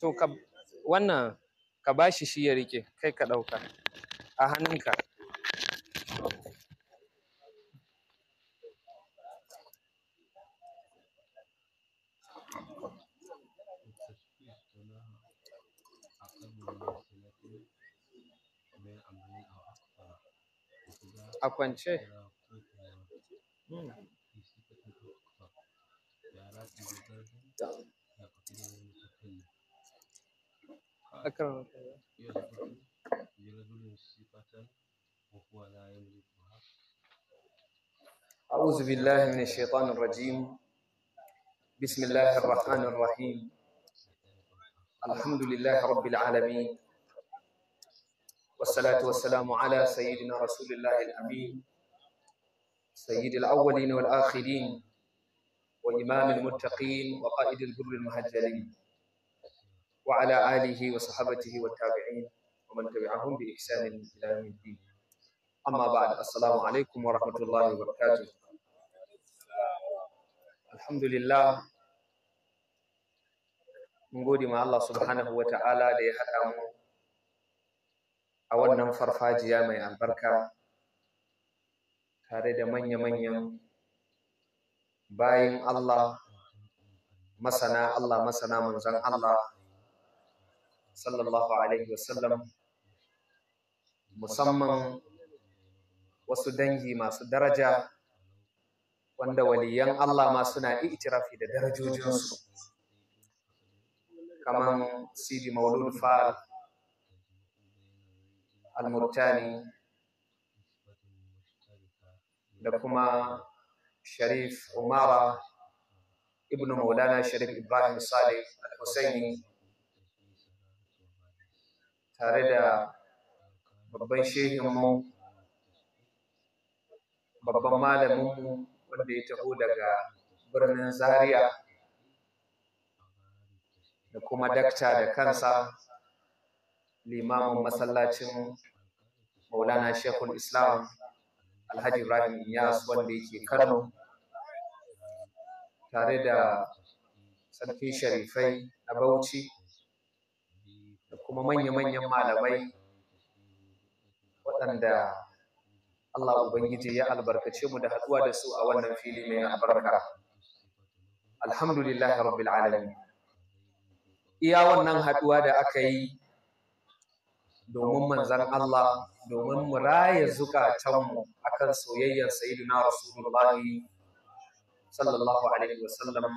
to ka wannan ka bashi shi ya rike kai ka ɗauka a hannunka a kwance hmm. أكرمك لا يملكها أعوذ بالله من الشيطان الرجيم بسم الله الرحمن الرحيم الحمد لله رب العالمين والصلاة والسلام على سيدنا رسول الله الأمين سيد الأولين والآخرين وإمام المتقين وقائد البر المهجلين وعلى آله وصحبته والتابعين ومن تبعهم بإحسان إلى يوم الدين أما بعد السلام عليكم ورحمة الله وبركاته الحمد لله mun gode ma Allah subhanahu wa ta'ala da ya haɗa a wannan farfajiya mai albarka tare da manya-manyan bayan Allah masana Allah masana manzan Allah sallallahu alaihi wasallam musamman wasu dangi masu daraja wanda waliyan Allah ma suna iktirafi da darajojinsu kamar sidi maulud fa'al al-murtani da kuma sharif umara ibn maulana sharif ibrahim salih al-husaini tare da babban shehinmu babban malaminmu wanda ya taho daga birnin zaria da kuma dakta da kansa limamin masallacin maulana shekul islam alhaji ibrahim inyas wanda yake kano tare da sarkin sharifai na bauchi kuma manya-manyan malamai waɗanda Allah Ubangiji ya albarkace mu da haɗuwa da su a wannan fili mai albarka. Alhamdulillah Rabbil Alamin. Iya wannan haɗuwa da aka yi domin manzan Allah domin mu raya zukatanmu akan soyayyar sayyidina Rasulullah sallallahu alaihi wasallam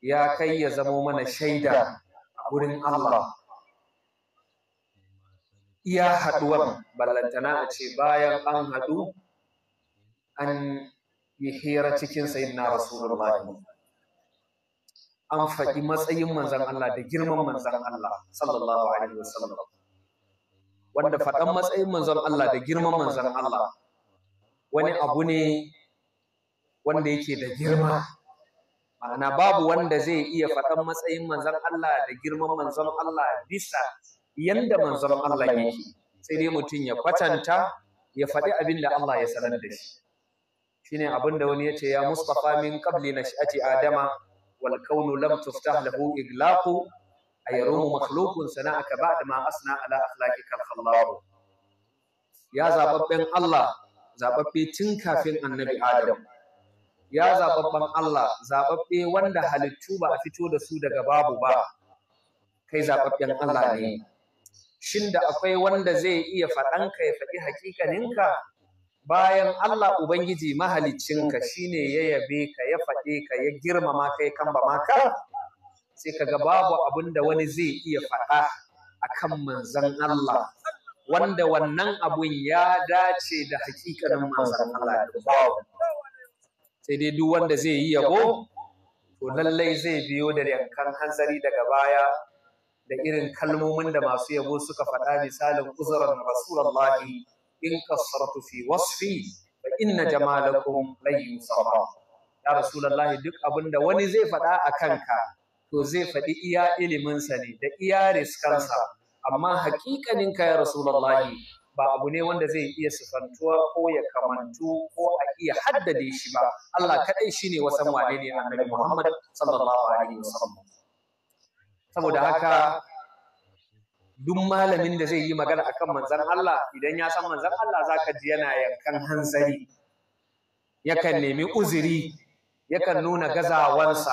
ya kai ya zamo mana shaida a gurin Allah iya haɗuwar balantana a ce bayan an haɗu an yi hira cikin sayyidina rasulullahi an faɗi matsayin manzan Allah da girman manzan Allah sallallahu alaihi wasallam wanda faɗan matsayin manzan Allah da girman manzan Allah wani abu ne wanda yake da girma ma'ana babu wanda zai iya faɗan matsayin manzan Allah da girman manzan Allah bisa yanda manzon Allah yake sai dai mutum ya kwatanta ya faɗi abin da Allah ya sanar da shi shine abin da wani ya ce ya mustafa min qabli nash'ati adama wal kaunu lam tuftah lahu iglaqu ayarumu makhluqun sana'aka ba'da ma asna ala akhlaqika al ya zababben Allah zababbe tun kafin annabi Adam ya zababben Allah zababbe wanda halittu ba a fito da su daga babu ba kai zababben Allah ne shin da akwai wanda zai iya faɗanka ya faɗi hakikaninka bayan Allah Ubangiji mahaliccinka ne ya yabe ka ya faɗe ka ya girmama ka ya kamba maka sai ka ga babu abin da wani zai iya faɗa akan manzan Allah wanda wannan abun ya dace da hakikanin manzan Allah da ba. sai dai duk wanda zai yi yabo to lallai zai biyo da yankan hanzari daga baya da irin kalmomin da masu yabo suka faɗa misalin uzuran rasulullahi in kasartu fi wasfi fa inna jamalakum lan yusafa ya rasulullahi duk abinda wani zai faɗa a kanka to zai faɗi iya iliminsa ne da iya riskansa amma haƙiƙanin ka ya rasulullahi ba abu ne wanda zai iya sifantuwa ko ya kamantu ko a iya haddade shi ba Allah kaɗai shine wasan wane ne annabi Muhammad sallallahu alaihi wasallam saboda haka duk malamin da zai yi magana akan manzon Allah idan ya san manzon Allah zaka ji yana yankan hanzari yakan nemi uzuri yakan nuna gazawansa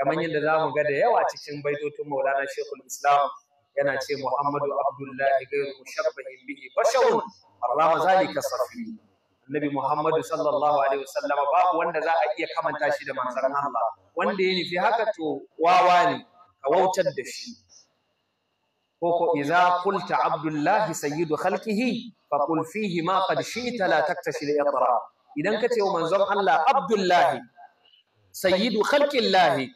kamar yadda za mu ga da yawa cikin baitotun Maulana Sheikhul Islam yana ce Muhammadu Abdullahi gairu mushabbahin bihi basharun harrama zalika sarfi Annabi Muhammadu sallallahu alaihi wasallam babu wanda za a iya kamanta shi da manzon Allah wanda ya nufi haka to wawa ne ka wautar da shi ko ko qulta abdullahi sayyidu khalqihi fa qul fihi ma qad shi'ta la taktashi li idan ka ce wa manzon Allah abdullahi sayyidu khalqillahi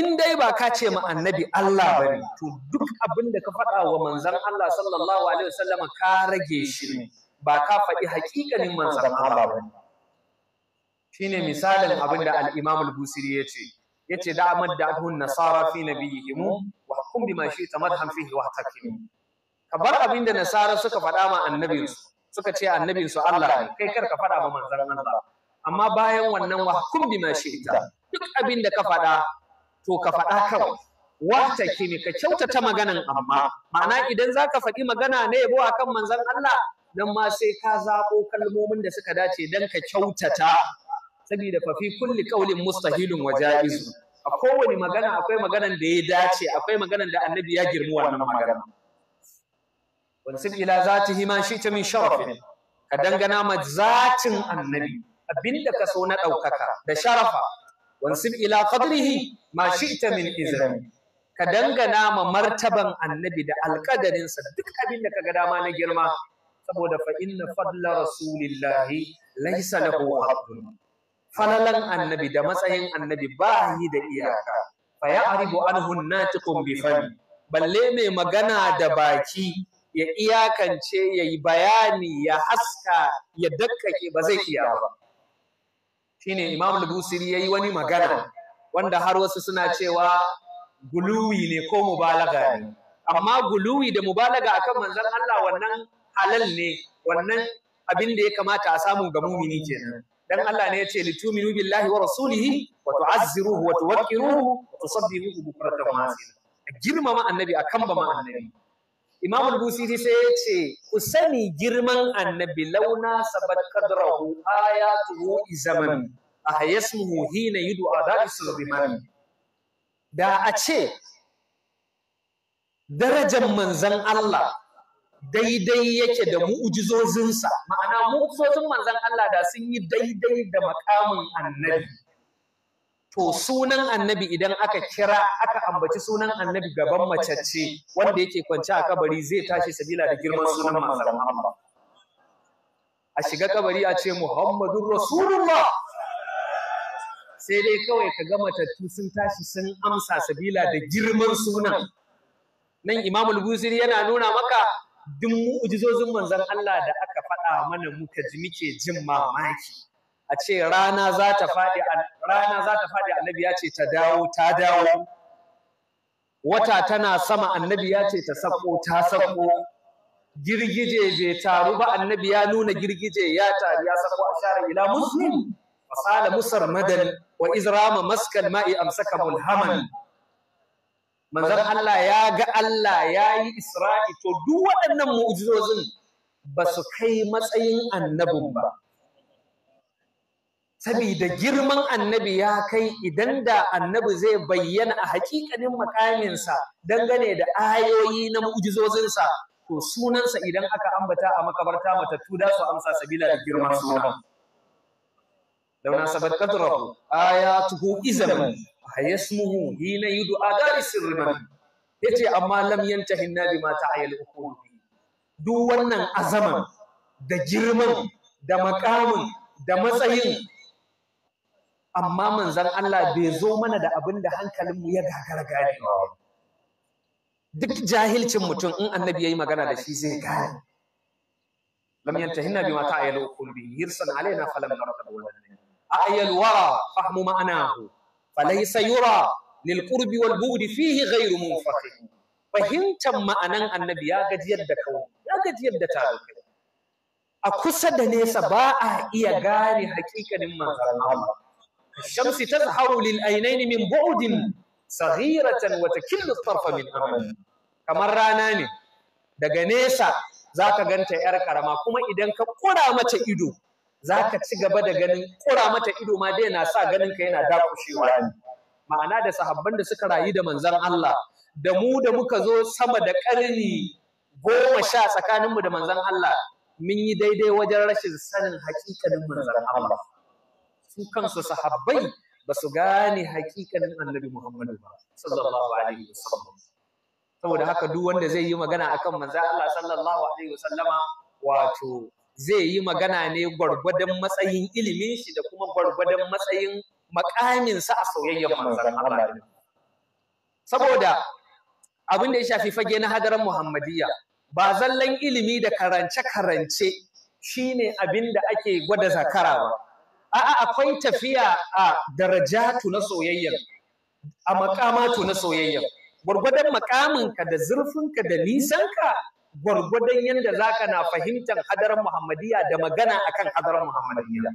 in dai ba ka ce ma annabi Allah bane to duk abin da ka faɗa wa manzon Allah sallallahu alaihi wasallam ka rage shi ne ba ka faɗi haƙiƙanin manzon Allah bane shine misalin abin da al-Imam al-Busiri yace yace da da abun nasara fi nabiyihim wa hukum bima shi'ta madhan fihi wa tahkim ka bar abinda nasara suka fada ma annabinsu suka ce annabinsu Allah kai kar ka fada ma manzon Allah amma bayan wannan wa hukum bima ta duk abinda ka fada to ka fada kawai wata kini ka kyautata maganan amma ma'ana idan zaka faɗi magana ne yabo akan manzon Allah dan ma sai ka zaɓo kalmomin da suka dace dan ka kyautata saboda fa fi kulli qawlin mustahilun wa jaiz a kowane magana akwai maganan da ya dace akwai maganan da annabi ya girmu wannan magana wansib ila zatihi ma shi ta min sharafin ka dangana ma zatin annabi abinda ka so na daukaka da sharafa wansib ila qadrihi ma shi ta min izrin ka dangana ma martaban annabi da sa duk abinda ka ga dama na girma saboda fa inna fadla rasulillahi laysa lahu haddun falalan annabi da matsayin annabi ba yi da iyaka fa ya'ribu anhu natiqun bi fami balle mai magana da baki ya iyakance ya yi bayani ya haska ya dakkake ba zai iya ba shine imam al-busiri yayi wani magana wanda har wasu suna cewa guluwi ne ko mubalaga ne amma guluwi da mubalaga akan manzon Allah wannan halal ne wannan abin da ya kamata a samu ga mumini kenan dan Allah ne ya ce lituminu billahi wa rasulihi wa tu'azziruhu wa tuwaqqiruhu wa tusabbihuhu bukratan wa asila girmama annabi akan ba ma annabi Imam al-Busiri sai ya ce ku sani girman annabi launa sabat qadrahu ayatuhu izaman ahyasmuhu hina yudu adai sulbiman da a ce darajar manzon Allah daidai yake da mu'ujizozinsa ma'ana mu'ujizozin manzon Allah da sun yi daidai da makamin annabi to sunan annabi idan aka kira aka ambaci sunan annabi gaban macece wanda yake kwance a kabari zai tashi sabila da girman sunan manzan Allah a shiga kabari a ce Muhammadur Rasulullah sai dai kawai ka ga matattu sun tashi sun amsa sabila da girman sunan nan imamul al yana nuna maka duk mu'ujizozin manzon Allah da aka faɗa mana muka ji muke jin mamaki a ce rana za ta faɗi rana za ta faɗi annabi ya ce ta dawo ta dawo wata tana sama annabi ya ce ta sako ta sako girgije bai taru ba annabi ya nuna girgije ya taru ya sako share ila muslim fasala musar madan wa izrama maskan ma'i amsaka mulhaman manzon Allah ya ga Allah ya yi Isra'i to duk waɗannan mu'jizozin ba su kai matsayin annabin ba saboda girman annabi ya kai idan da annabi zai bayyana a hakikanin makaminsa dangane da ayoyi na mu'jizozinsa to sunansa idan aka ambata a makabarta matattu da su amsa sabila da girman sunan. Dauna sabat kadrahu ayatuhu izamin hayasmuhu hina yud'a dari sirriman yace amma lam yantahi nadi ma ta'ayyal uqul duk wannan azaman da girman da makamin da matsayin amma manzon Allah bai zo mana da abin da hankalinmu ya gagara duk jahilcin mutum in annabi yayi magana da shi zai gane lam yantahina bima ta'ayalu qulbi hirsan alaina falam narqad wala ayal wara fahmu ma'anahu falaysa yura lil qurbi wal bu'di fihi ghayru fahimtar ma'anan annabi ya gajiyar da kawo taro a kusa da nesa ba a iya gane hakikanin manzon Allah shamsi tazharu lil aynaini min bu'din saghiratan wata takillu tarfa min amali kamar rana ne daga nesa zaka ganta yar ƙarama kuma idan ka kura mata ido za ka ci gaba da ganin kura mata ido ma dai na sa ganin ka yana dakushewa ma'ana da sahabban da suka rayu da manzon Allah da mu da muka zo sama da ƙarni goma sha tsakanin mu da manzon Allah mun yi daidai wajen rashin sanin hakikanin manzon Allah su kansu sahabbai ba su gane hakikanin annabi Muhammadu ba sallallahu alaihi wasallam saboda haka duk wanda zai yi magana akan manzon Allah sallallahu alaihi wasallama wato zai yi magana ne gwargwadon matsayin ilimin shi da kuma gwargwadon matsayin makaminsa a soyayyar manzon Allah saboda abin da ya shafi fage na hadarar Muhammadiyya ba zallan ilimi da karance-karance shine abin da ake gwada zakara ba a'a akwai tafiya a darajatu na soyayyar a makamatu na soyayyar gwargwadon makaminka da zurfinka da nisan ka. gwargwadon yadda za ka na fahimtar hadarar Muhammadiyya da magana akan hadarar Muhammadiyya.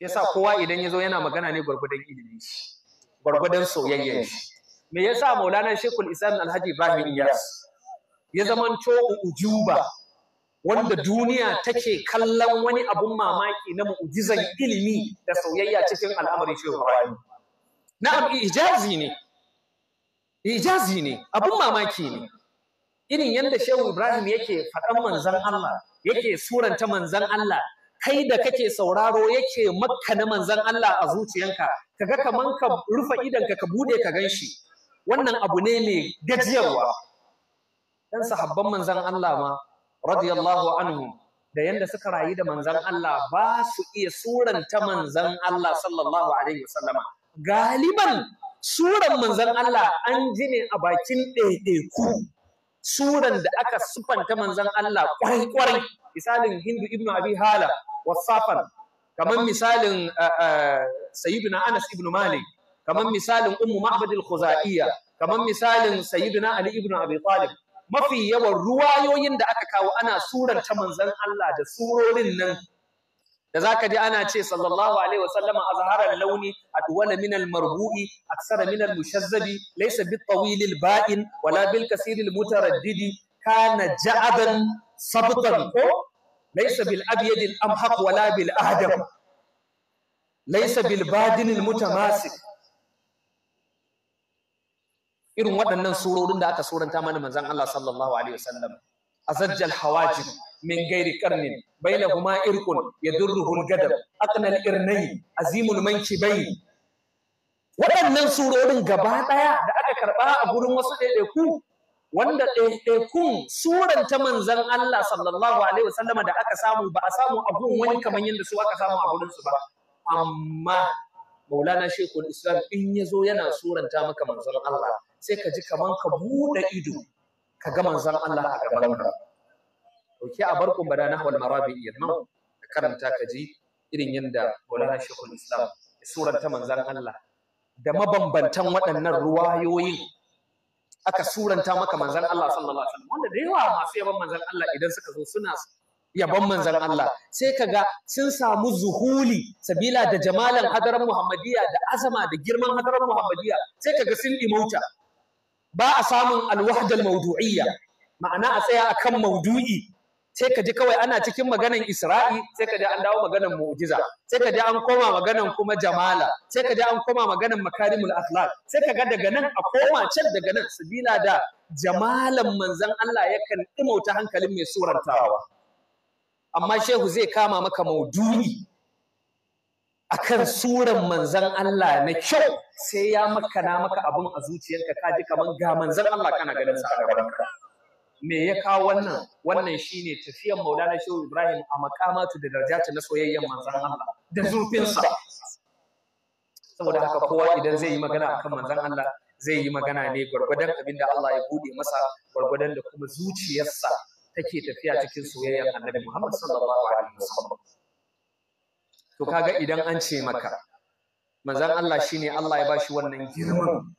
Ya sa kowa idan ya zo yana magana ne gwargwadon ilimin shi, gwargwadon soyayyar shi. Me sa Maulana Shekul Isan Alhaji Ibrahim Iyas ya zamanto ujuba wanda duniya take kallon wani abun mamaki na mu'jizan ilimi da soyayya cikin al'amarin Shehu Na'am ijazi ne. Ijazi ne, abun mamaki ne. irin yadda shehu ibrahim yake faɗan manzan allah yake suranta manzan allah kai da kake sauraro yake makka na manzan allah a zuciyanka kaga kaman ka rufe idanka ka bude ka gan shi wannan abu ne mai gajiyarwa dan sahabban manzan allah ma radiyallahu anhu da yanda suka rayu da manzan allah ba su iya suranta manzan allah sallallahu alaihi wasallama galiban suran manzan allah an ji ne a bakin ɗaiɗaiku suran da aka sufanta manzon Allah kwarai kwarai misalin Hindu ibn Abi Hala wasafan kamar misalin eh, eh, sayyidina Anas ibn Malik kamar misalin Ummu Ma'bad al-Khuzaiya kamar misalin sayyidina Ali ibn Abi Talib mafi yawan ruwayoyin da aka kawo ana suranta manzon Allah da surorin nan da za ka ji ana ce sallallahu alaihi wasallam azhara launi atwala min almarbu'i aksara min almushazzabi laysa bitawil ba'in, wala bil kasir almutaraddidi kana ja'aban sabtan ko laysa bil abyad alamhaq wala bil adam, laysa bil badin almutamasik irin waɗannan surorin da aka suranta mana manzon Allah sallallahu أزج الحواجب من غير قرن بينهما إرق يدره القدر أقنى الإرنين عظيم المنكبين waɗannan surorin gaba ɗaya da aka karɓa a gurin wasu ɗaiɗaiku wanda ɗaiɗaikun suran ta manzan Allah sallallahu alaihi wasallama da aka samu ba a samu a gun wani kamar yadda su aka samu a gurinsu ba amma maulana shekul islam in ya zo yana suranta maka manzon Allah sai ka ji kamar ka buɗe ido ka ga manzon Allah a gaban ka dauki a barkun badana wal marabi yannan ka karanta ka ji irin yanda Maulana Sheikhul Islam ya suranta manzon Allah da mabambantan waɗannan ruwayoyin aka suranta maka manzon Allah sallallahu alaihi wasallam wanda da yawa masu yaban manzon Allah idan suka zo suna yaban manzan Allah sai kaga sun samu zuhuli sabila da jamalan hadaran Muhammadiyya da azama da girman hadaran Muhammadiyya sai kaga ga sun mota. ba a samun alwahdal mawdu'iyya ma'ana a tsaya akan maudu'i sai ka ji kawai ana cikin maganan Isra'i sai ka ji an dawo maganar mu'jiza sai ka ji an koma maganan kuma jamala sai ka ji an koma maganan makarimul akhlaq sai ka ga daga nan a koma can daga nan sabila da jamalan manzon Allah yakan dimauta hankalin mai surantawa amma shehu zai kama maka maudu'i akan suran manzan Allah na kyau sai ya makana maka abin a zuciyarka ka ji kaman ga manzan Allah kana ganin sa a gabanka me ya kawo wannan wannan shine tafiyar Maulana Shehu Ibrahim a makamatu da darajatu na soyayyen manzan Allah da zurfin sa saboda haka kowa idan zai yi magana akan manzan Allah zai yi magana ne gwargwadon abin da Allah ya bude masa gwargwadon da kuma zuciyarsa take tafiya cikin soyayyan Annabi Muhammad sallallahu alaihi wasallam to kaga idan an ce maka manzon Allah shine Allah ya bashi wannan girman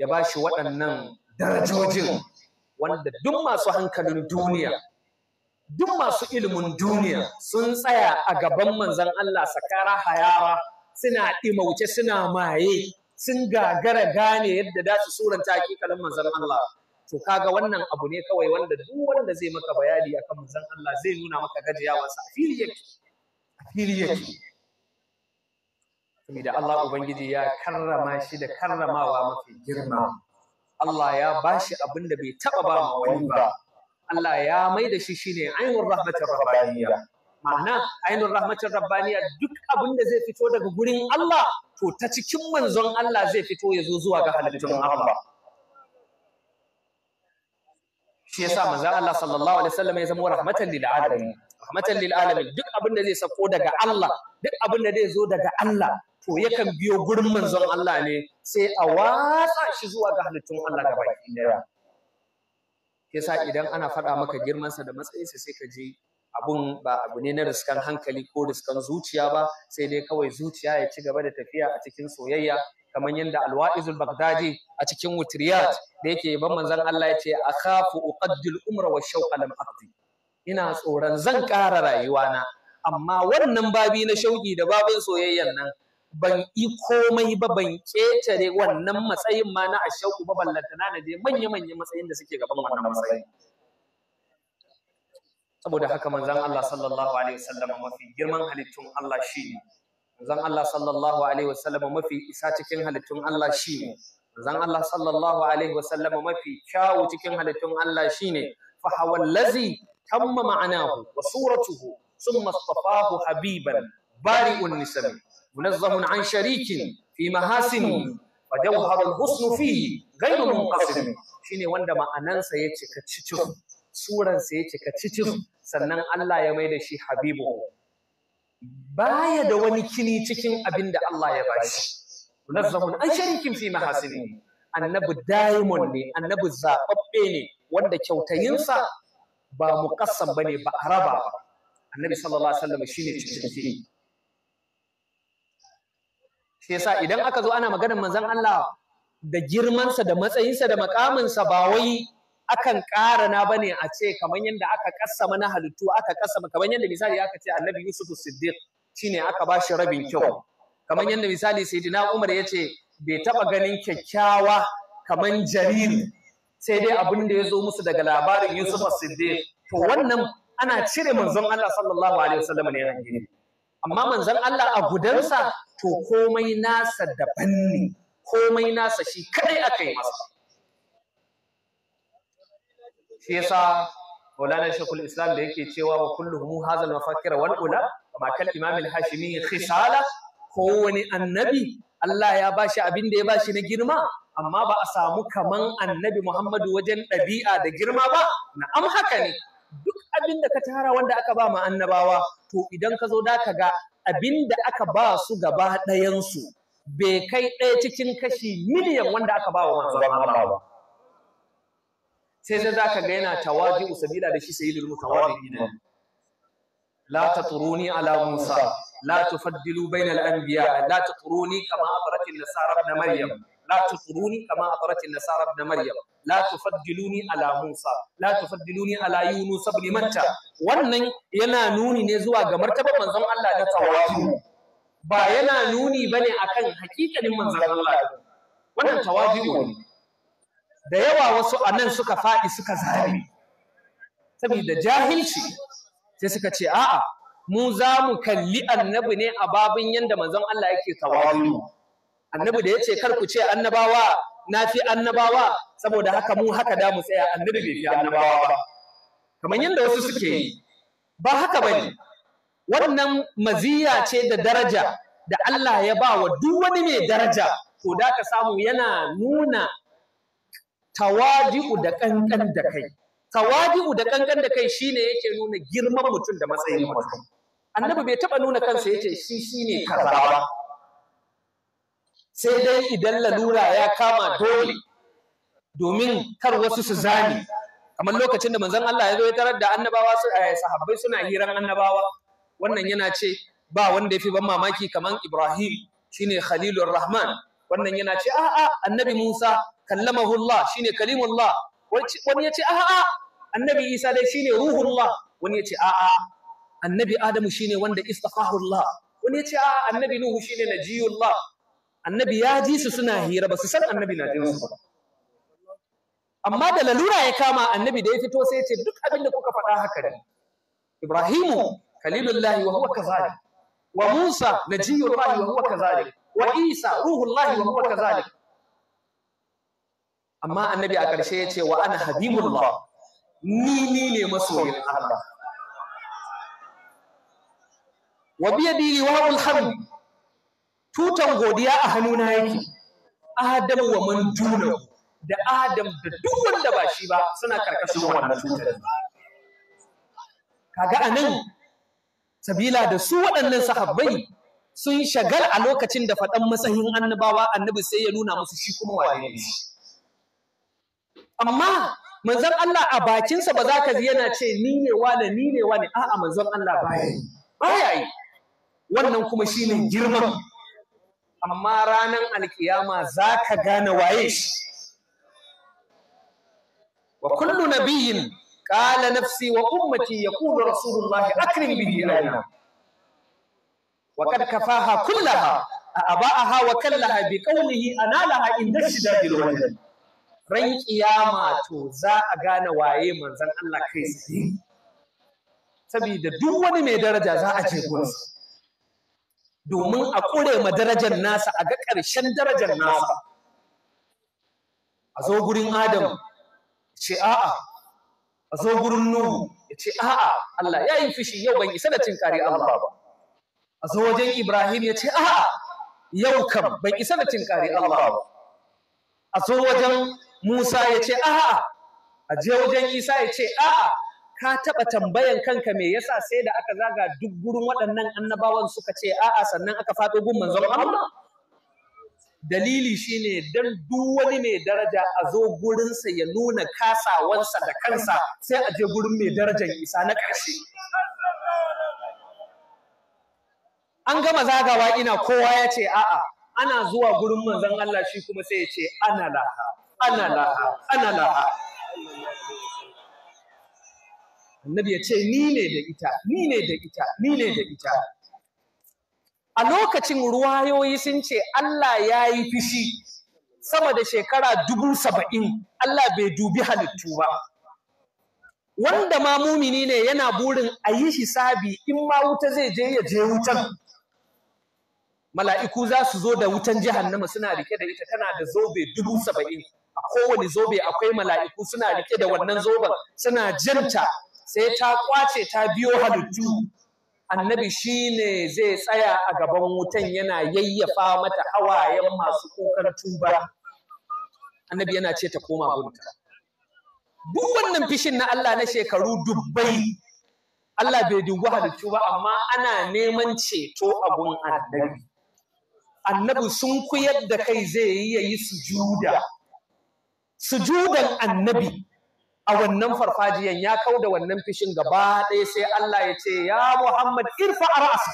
ya bashi waɗannan darajojin wanda duk masu hankalin duniya duk masu ilimin duniya sun tsaya a gaban manzon Allah sakara hayara suna ɗimauce suna maye sun gagara gane yadda da su suranta hakikalin manzon Allah to kaga wannan abu ne kawai wanda duk wanda zai maka bayani akan manzon Allah zai nuna maka gajiyawarsa a fili yake fili yake da Allah Ubangiji ya karrama shi da karramawa mafi girma. Allah ya ba shi abin da bai taɓa ba ma wani ba. Allah ya mai da shi shine ainihin rahmatar rabbaniya. Ma'ana ainihin rahmatin rabbaniya duk abin da zai fito daga gurin Allah to ta cikin manzon Allah zai fito ya zo zuwa ga halittun Allah. Shi yasa manzon Allah sallallahu alaihi wasallam ya zama rahmatan lil alamin. rahmatan lil alamin duk abin da zai sako daga Allah duk abin da zai zo daga Allah to yakan biyo gurin manzon Allah ne sai a watsa shi zuwa ga halittun Allah gaba ɗaya yasa idan ana faɗa maka girmansa da matsayinsa sai ka je abun ba abu ne na riskan hankali ko riskan zuciya ba sai dai kawai zuciya ya ci gaba da tafiya a cikin soyayya kamar yadda alwa'izul baghdadi a cikin wutriyat da yake ban manzon Allah ya ce akhafu uqaddil umra wa shawqa lam aqdi ina tsoron zan ƙara rayuwana amma wannan babi na shauƙi da babin soyayyan nan ban yi komai ba ban ƙetare wannan matsayin ma na ashauku ba ballantana na je manya-manyan matsayin da suke gaban wannan matsayin saboda haka manzon Allah sallallahu alaihi wasallam mafi girman halittun Allah shi ne manzon Allah sallallahu alaihi wasallam mafi isa cikin halittun Allah shi ne manzon Allah sallallahu alaihi wasallam mafi kyawu cikin halittun Allah shi ne fa hawallazi تم معناه وصورته ثم اصطفاه حبيبا بارئ النسم منزه عن شريك في محاسن فجوهر الحسن فيه غير منقسم شيني wanda ma'anansa ya cika cicif suransa ya cika cicif sannan Allah ya maida shi habibu baya da wani kini cikin abinda Allah ya bashi شريك an محاسن fi annabi daimon ne annabi zababbe ne wanda kyautayinsa ba muqassam bane ba a raba ba annabi sallallahu alaihi wasallam shine cikin shi yasa idan aka zo ana maganar manzon Allah da girmansa da matsayinsa da makaminsa ba wai akan ƙara na bane a ce kamar yadda aka kassama na halittu aka kassama kamar yadda misali aka ce annabi Yusuf Siddiq shine aka bashi rabin kyau kamar yadda misali sayyidina Umar ya ce bai taba ganin kyakkyawa kamar jarir sai dai abin da ya zo musu daga labarin Yusuf Siddiq to wannan ana cire manzon Allah sallallahu alaihi wasallam ne ran gini amma manzon Allah a gudansa to komai nasa daban ne komai nasa shi kadai aka yi masa shi yasa Maulana Shekul Islam da yake cewa wa kulluhum hazal mafakkira wal ula kama kal Imam al-Hashimi khisala ko wani annabi Allah ya bashi abin da ya bashi na girma amma ba a samu kaman annabi Muhammadu wajen ɗabi'a da girma ba na'am haka ne duk abin da ka tara wanda aka ba ma annabawa to idan ka zo da ka ga abin da aka ba su gaba ɗayansu bai kai ɗaya cikin kashi miliyan wanda aka ba wa manzon Allah ba sai sai zaka ga yana tawaji'u sabila da shi sayyidul ne. la tatruni ala musa la tufaddilu bainal anbiya la tatruni kama abarat na nasara ibn maryam la tusuruni kama ataratin nasara na maryam la tufaddiluni ala musa la tufaddiluni ala yunus ibn matta wannan yana nuni ne zuwa ga martabar manzon Allah na tawadu ba yana nuni bane akan hakikanin manzon da yawa wasu a nan suka fadi suka zabi saboda jahilci sai suka ce a'a mu za mu kalli annabi ne a babin yanda manzon Allah yake tawadu annabi da yace kar ku ce annabawa na fi annabawa saboda haka mu haka da mu tsaya annabi bai fi annabawa ba kamar yadda wasu suke yi ba haka bane wannan maziya ce da daraja da Allah ya ba wa duk wani mai daraja ko da ka samu yana nuna tawadi'u da kankan da kai tawadi'u da kankan da kai shine yake nuna girman mutum da matsayin mutum annabi bai taba nuna kansa yace shi shine kaza ba sai dai idan lalura ya kama dole domin kar wasu su zani kamar lokacin da manzon Allah ya zo ya tarar da annabawa su eh, sahabbai suna hiran annabawa wannan yana ce ba wanda ya fi ban mamaki kamar Ibrahim shine Khalilur Rahman wannan yana ce a'a annabi Musa kallamahu Allah shine kalimullah wani ya ce a'a annabi Isa dai shine ruhullah wani ya ce a'a annabi Adamu shine wanda istaqahu Allah wani ya ce a'a annabi Nuhu shine najiyullah annabi ya ji su suna hira ba su san annabi na jin su ba amma da lalura ya kama annabi da ya fito sai ya ce duk abin da kuka faɗa haka ne ibrahimu khalilullahi wa huwa kazalik wa musa najiyullahi wa huwa kazalik wa isa ruhullahi wa huwa kazalik amma annabi a ƙarshe ya ce wa ana habibullah ni ni ne masoyin Allah wa biyadi liwa'ul hamd tutan godiya a hannuna yake adam wa man duna da adam da duk wanda ba shi ba suna karkashin wannan tutar kaga anan sabila da su waɗannan sahabbai sun shagal a lokacin da faɗan matsayin annabawa annabi sai ya nuna musu shi kuma waye ne amma manzon Allah a bakinsa ba za ka ji yana ce ni ne wane ni ne ne. a'a manzon Allah baya yi baya yi wannan kuma shine girman amma ranar alkiyama za ka gane waye shi wa kullu nabiyyin qala nafsi wa ummati yaqulu rasulullahi akrim bihi lana wa kad kafaha kullaha aba'aha wa kallaha bi qawlihi analaha inda bil wajh ran kiyama to za a gane waye manzon Allah kai tsaye saboda duk wani mai daraja za a ce gurin domin a kure ma darajar nasa a ga ƙarshen darajar nasa a zo gurin adam ce a'a a zo gurin nuhu ya ce a'a Allah ya yi fishi yau ban isa da cin kare Allah ba a zo wajen Ibrahim ya ce a'a yau kam ban isa da cin kare Allah ba a zo wajen Musa ya ce a'a a je wajen Isa ya ce a'a ka taɓa tambayan kanka me yasa sai da aka zaga duk gurin waɗannan annabawan suka ce a'a sannan aka faɗo gun manzon Allah dalili shine dan duk wani mai daraja a zo gurinsa ya nuna kasawansa da kansa sai a je gurin mai darajar isa na ƙarshe an gama zagawa ina kowa ya ce a'a ana zuwa gurin manzon Allah shi kuma sai ya ce ana laha ana laha ana laha annabi ya ce ni ne da ita ni ne da ita ni ne da ita a lokacin ruwayoyi sun ce Allah ya yi fishi sama da shekara dubu saba'in Allah bai dubi halittu ba wanda ma mumini ne yana burin a yi hisabi in ma wuta zai je ya je wutan mala'iku za su zo da wutan jahannama suna rike da ita tana da zobe dubu saba'in a kowane zobe akwai mala'iku suna rike da wannan zoben suna jirta sai ta kwace ta biyo halittu annabi shine zai tsaya a gaban wutan yana yayyafa mata hawayen masu kokar tuba annabi yana ce ta koma wuta duk wannan fishin na Allah na shekaru dubbai Allah bai dubu halittu ba amma ana neman ceto a gun annabi annabi sun kuyar da kai zai yi yayi sujuda sujudan annabi a wannan farfajiyan ya kau da wannan fishin gaba ɗaya sai Allah ya ce ya Muhammad irfa a ra'asa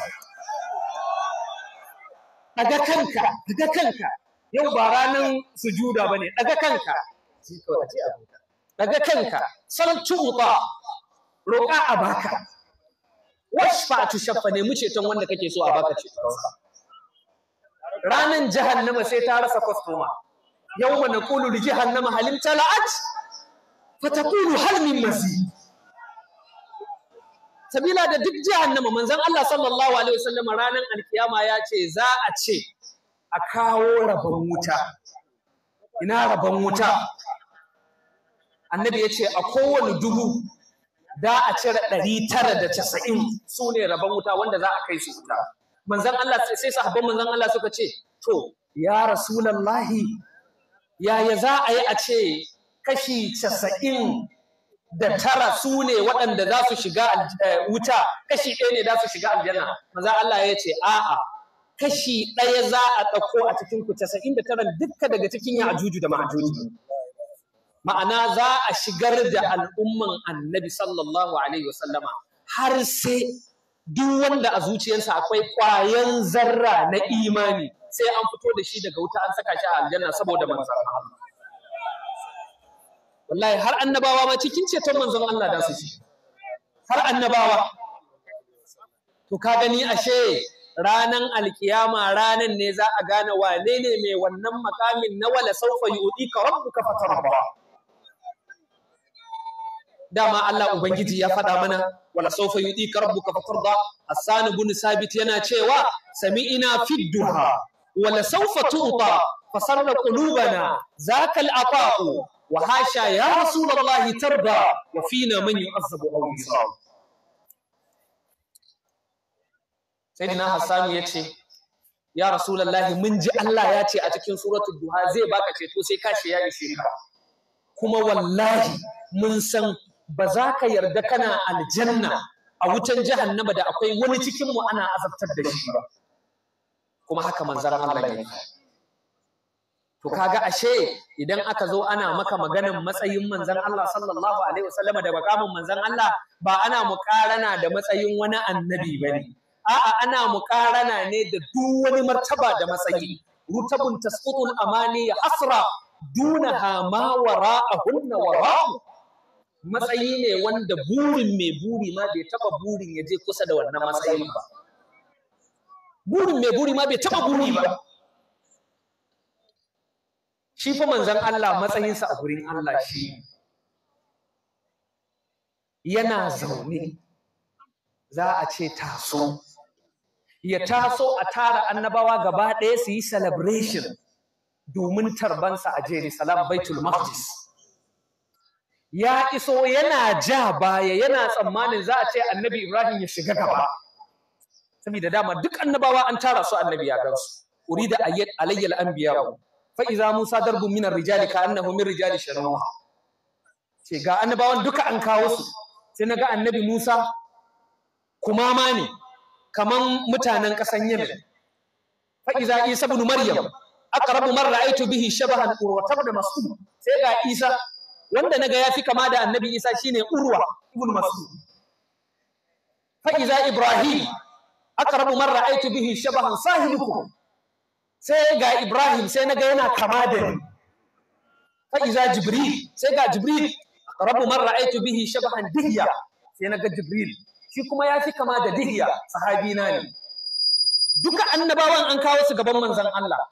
daga kanka daga kanka yau ba ranan sujuda bane daga kanka daga kanka san tuqa roƙa a baka washfa tu shaffa ne mu ceton wanda kake so a baka ce ranan jahannama sai ta rasa kwastoma yau yawma naqulu li jahannama hal imtala'at fatakulu hal min mazi sabila da duk jahannama manzon Allah sallallahu alaihi wasallam ranar alkiyama ya ce za a ce a kawo rabon wuta ina rabon wuta annabi ya ce a kowane dubu da a cire ɗari tara da casa'in su ne rabon wuta wanda za a kai su wuta manzon Allah sai sahabban manzon Allah suka ce to ya rasulallahi yaya za a yi a ce kashi casa'in da tara sune ne waɗanda za su shiga eh, wuta kashi ɗaya ne za su shiga aljanna maza Allah ya ce a'a kashi ɗaya za a ɗauko a cikin ku casa'in da tara dukka daga cikin ya ajuju da ma'ajuju ma'ana za a shigar da al'umman annabi sallallahu alaihi wasallama har sai duk wanda a zuciyarsa akwai ƙwayan zarra na imani sai an fito da shi daga wuta an saka shi a aljanna saboda manzon Allah wallahi har annabawa ma cikin ceton manzon Allah da su ci har annabawa to ka gani ashe ranan alkiyama ranan ne za a gane wane ne mai wannan makamin na wala saufa yu'tika rabbuka fatarda dama Allah ubangiji ya faɗa mana wala saufa yu'tika rabbuka fatarda Hassan ibn Sabit yana cewa sami'ina fid duha wala saufa tu'ta fasarra qulubana zakal afaqu wa hasha ya rasulullahi tarda wa fina man yu'azzabu aw yusab sayyidina hasan yace ya rasulullahi mun ji Allah ya ce a cikin suratun duha zai baka ceto sai ka ce ya ishe ka kuma wallahi mun san ba za ka yarda kana aljanna a wutan jahannama da akwai wani cikin mu ana azabtar da shi ba kuma haka manzaran Allah ya yi to kaga ashe idan aka zo ana maka maganan matsayin manzon Allah sallallahu alaihi wasallam da makamin manzon Allah ba ana muƙarana da matsayin wani annabi bane a'a ana muƙarana ne da duk wani martaba da matsayi rutabun tasqutul amani hasra dunaha ma wara'ahunna wara'u matsayi ne wanda burin mai buri ma bai taba burin ya je kusa da wannan matsayin ba burin mai buri ma bai taba buri ba shi fa manzon Allah matsayinsa a gurin Allah shi yana zaune za a ce taso ya taso a tara annabawa gaba ɗaya su yi celebration domin tarbansa a Jerusalem Baitul Maqdis ya iso yana ja baya yana tsammanin za a ce annabi Ibrahim ya shiga gaba saboda dama duk annabawa an tara su annabi ya gansu urida ayyad alayyal anbiya'u Fa'iza musa darbun minan ar-rijali ka annahu min rijali sharawa ce ga annabawan duka an kawo su sai naga annabi musa kumama ne kaman mutanen kasan yemen fa iza isa ibn maryam aqrabu man ra'aytu bihi shabahan urwa tabda mas'ud sai ga isa wanda naga yafi kama da annabi isa shine urwa ibn mas'ud fa iza ibrahim aqrabu man ra'aytu bihi shabahan sahibukum sai ga Ibrahim sai naga yana kama da ni fa iza Jibril sai ga Jibril rabu man ra'aytu bihi shabahan dihya sai naga Jibril shi kuma ya fi kama da dihya sahabi na ne duka annabawan an kawo su gaban manzon Allah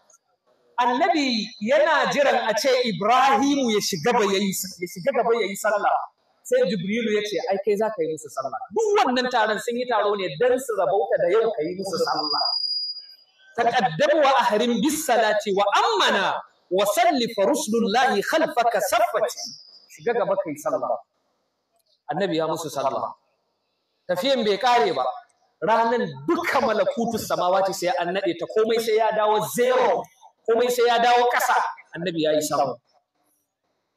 annabi yana jiran a ce Ibrahimu ya shiga gaba ya shiga gaba sallah sai Jibrilu ya ce ai kai za ka yi musu sallah duk wannan taron sun yi taro ne dan su rabauta da yau ka yi musu sallah taqaddamu wa ahrim bis salati wa ammana wa salli fa rusulullahi khalfaka saffati shiga gaba kai sallah annabi ya musu sallah tafiyan bai kare ba ranan duka malakutus samawati sai an nade ta komai sai ya dawo zero komai sai ya dawo ƙasa annabi ya yi sallah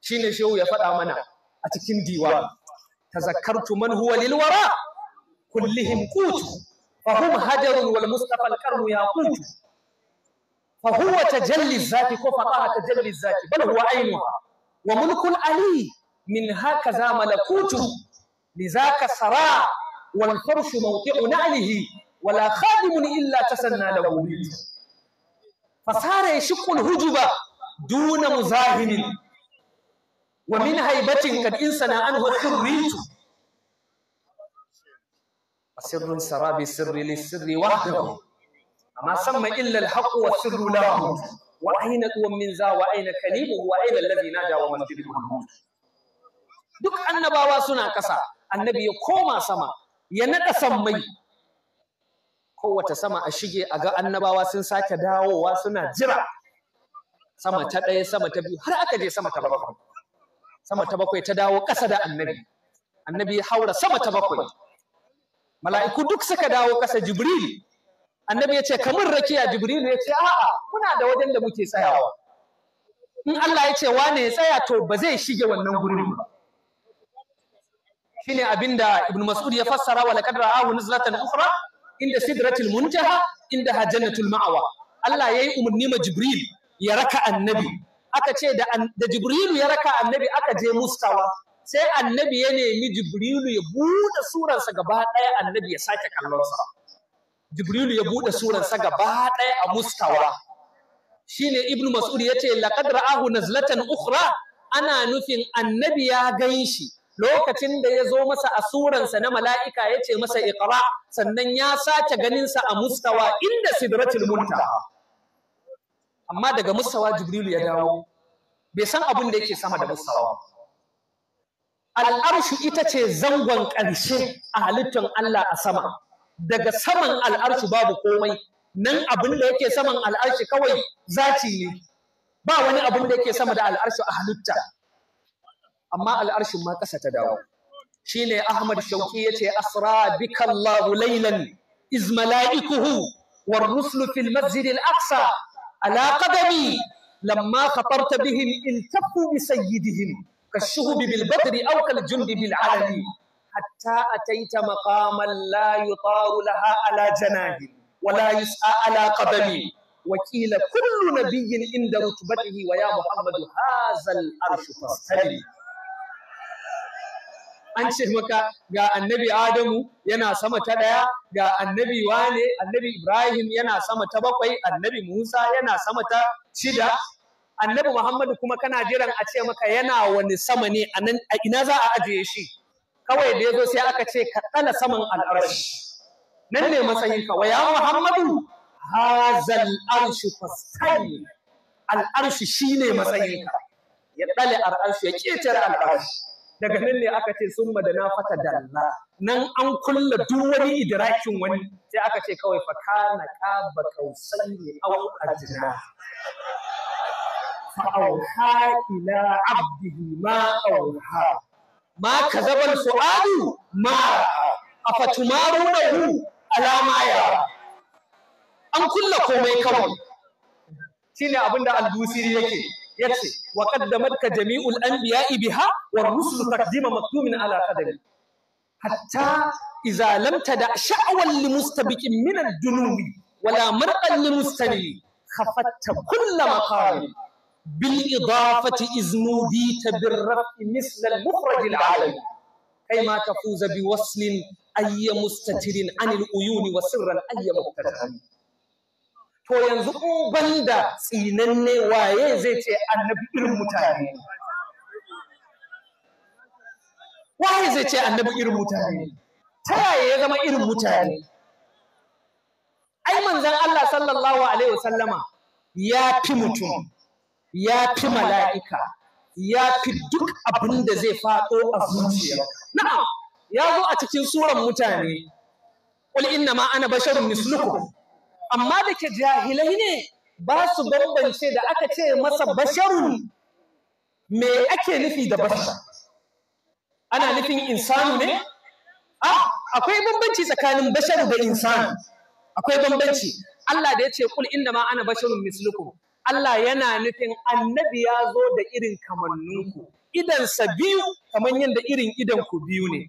shine shehu ya faɗa mana a cikin diwa Ta man huwa lil wara kullihim qutu فهم هجر والمصطفى الكرم ياقوت فهو تجلي الذات كفطاها تجلي الذات بل هو عينها وملك العلي من هكذا ملكوته لذاك سراء والفرش موضع نعله ولا خادم إلا تسنى له بيته فصار يشق الهجب دون مزاهم ومن هيبة قد إن سنى عنه حريته sirrun sarabi sirri lisirri wahdahu amma samma illa alhaq wa sirru lahu wa aina duwan min za wa aina kalibuhu wa aina alladhi naja wa masjiduhu duk annabawa suna kasa annabi ya koma sama ya nada mai. kowace sama a shige a ga annabawa sun sake dawowa suna jira sama ta ɗaya sama ta biyu har aka je sama ta bakwai sama ta bakwai ta dawo ƙasa da annabi annabi ya haura sama ta bakwai mala'iku duk suka dawo ƙasa jibril annabi ya ce kamar rakiya jibril ya ce a'a muna da wajen da muke tsayawa in Allah ya ce wane ya tsaya to ba zai shige wannan gurin ba shine abinda ibn mas'ud ya fassara wa laqad ra'ahu nuzlatan ukhra inda sidratil muntaha inda jannatul ma'awa Allah yayi umarni ma jibril ya raka annabi aka ce da jibril ya raka annabi aka je mustawa sai annabi ya nemi jibrilu ya buɗe suransa gaba ɗaya annabi ya sake kallonsa jibrilu ya buɗe surarsa gaba ɗaya a mustawa shine ibnu mas'ud ya yace laqad ra'ahu nazlatan ukhra ana nufin annabi ya ganshi lokacin da ya zo masa a suransa na mala'ika ya ce masa iqra sannan ya sace ganinsa a mustawa inda sidratul muntaha amma daga mustawa jibrilu ya dawo bai san abin da yake sama da mustawa ba al'arshu ita ce zangon ƙarshe a halittar Allah a sama daga saman al'arshu babu komai nan abin da yake saman al'arshi kawai zaci ne ba wani abin da yake sama da al'arshu a halitta amma al'arshin ma ƙasa ta dawo shine Ahmad Shauki yace asra bikallahu laylan iz malaikuhu war rusulu fil masjid al aqsa ala qadami lamma khatarta bihim iltafu bi sayyidihim كالشهب بالبدر أو كالجند بالعلن حتى أتيت مقاما لا يطار لها على جناه ولا يسعى على قدمه وكيل كل نبي عند رتبته ويا محمد هذا الأرش فاستلم an ce maka ga annabi Adamu yana sama ta ɗaya, ga annabi Wane, annabi Ibrahim yana sama ta bakwai, annabi Musa yana sama ta shida, annabi Muhammadu kuma kana jiran a ce maka yana wani sama ne a nan a ina za a ajiye shi kawai da yazo sai aka ce ka tsala saman al'arshi nan ne matsayin ka wa ya Muhammadu hazal arshi fastani al'arshi shine matsayin ka ya tsale al'arshi ya ketare al'arshi daga nan ne aka ce summa da na fata dalla nan an kulla duk wani idrakin wani sai aka ce kawai fa kana qaba kausaini au ajna فأوحى إلى عبده ما أوحى ما كذب الفؤاد ما أفتمارونه على ما يرى أن كل كومي كوي شنو أبن البوسيري يكي يكي وقدمتك جميع الأنبياء بها والرسل تقديم مكتوم على قدمي حتى إذا لم تدع شعوا لمستبق من الدنو ولا مرقا لمستني خفت كل مقام بالإضافة إذ نوديت بالرفع مثل المفرد العالمي كيما تفوز بوصل أي مستتر عن العيون وسرا أي مقتتل to yanzu in banda tsinanne waye zai ce annabi irin mutane waye zai ce annabi irin mutane ta yaya ya zama irin mutane ai manzon Allah sallallahu alaihi wasallama ya fi mutum ya fi mala'ika ya fi duk abin da zai faɗo a zuciya. Na, ya zo a cikin suran mutane qul inna ma ana basharun mislukum amma da ke jahilai ne ba su bambance da aka ce masa basharun me ake nufi da bashar ana nufin insanu ne ah akwai bambanci tsakanin basharu da insanu akwai bambanci Allah da ya ce kul inna ma ana basharun mislukum Allah yana nufin annabi ya zo da irin kamanninku idansa biyu kamar yadda irin idanku biyu ne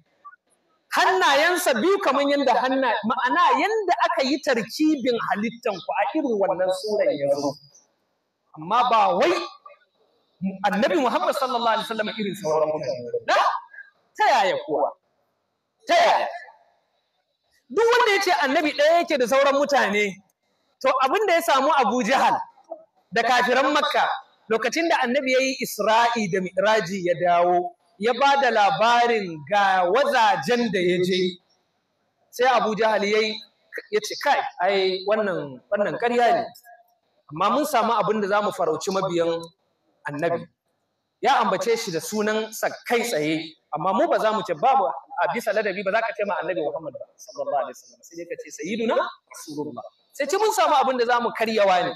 hannayensa biyu kamar yadda hanna ma'ana yadda aka yi tarkibin halittanku a irin wannan suran ya zo amma ba wai annabi Muhammad sallallahu alaihi wasallam irin sauran mutane da ta yaya kuwa ta yaya duk wanda ya ce annabi ɗaya yake da sauran mutane to abin da ya samu Abu Jahal da kafiran makka lokacin da annabi ya yi isra'i da mi'raji ya dawo ya ba da labarin ga wazajen da ya je sai abu jahal ya yi ya ce kai ai wannan karya ne amma mun samu abin da za mu farauci mabiyan annabi ya ambace shi da sunan sa kai tsaye amma mu ba za mu ce babu a bisa ladabi ba za ka ce ma annabi Muhammad ba sallallahu alaihi wasallam sai ka ce sayyiduna rasulullah sai ce mun samu abin da za mu karyawa ne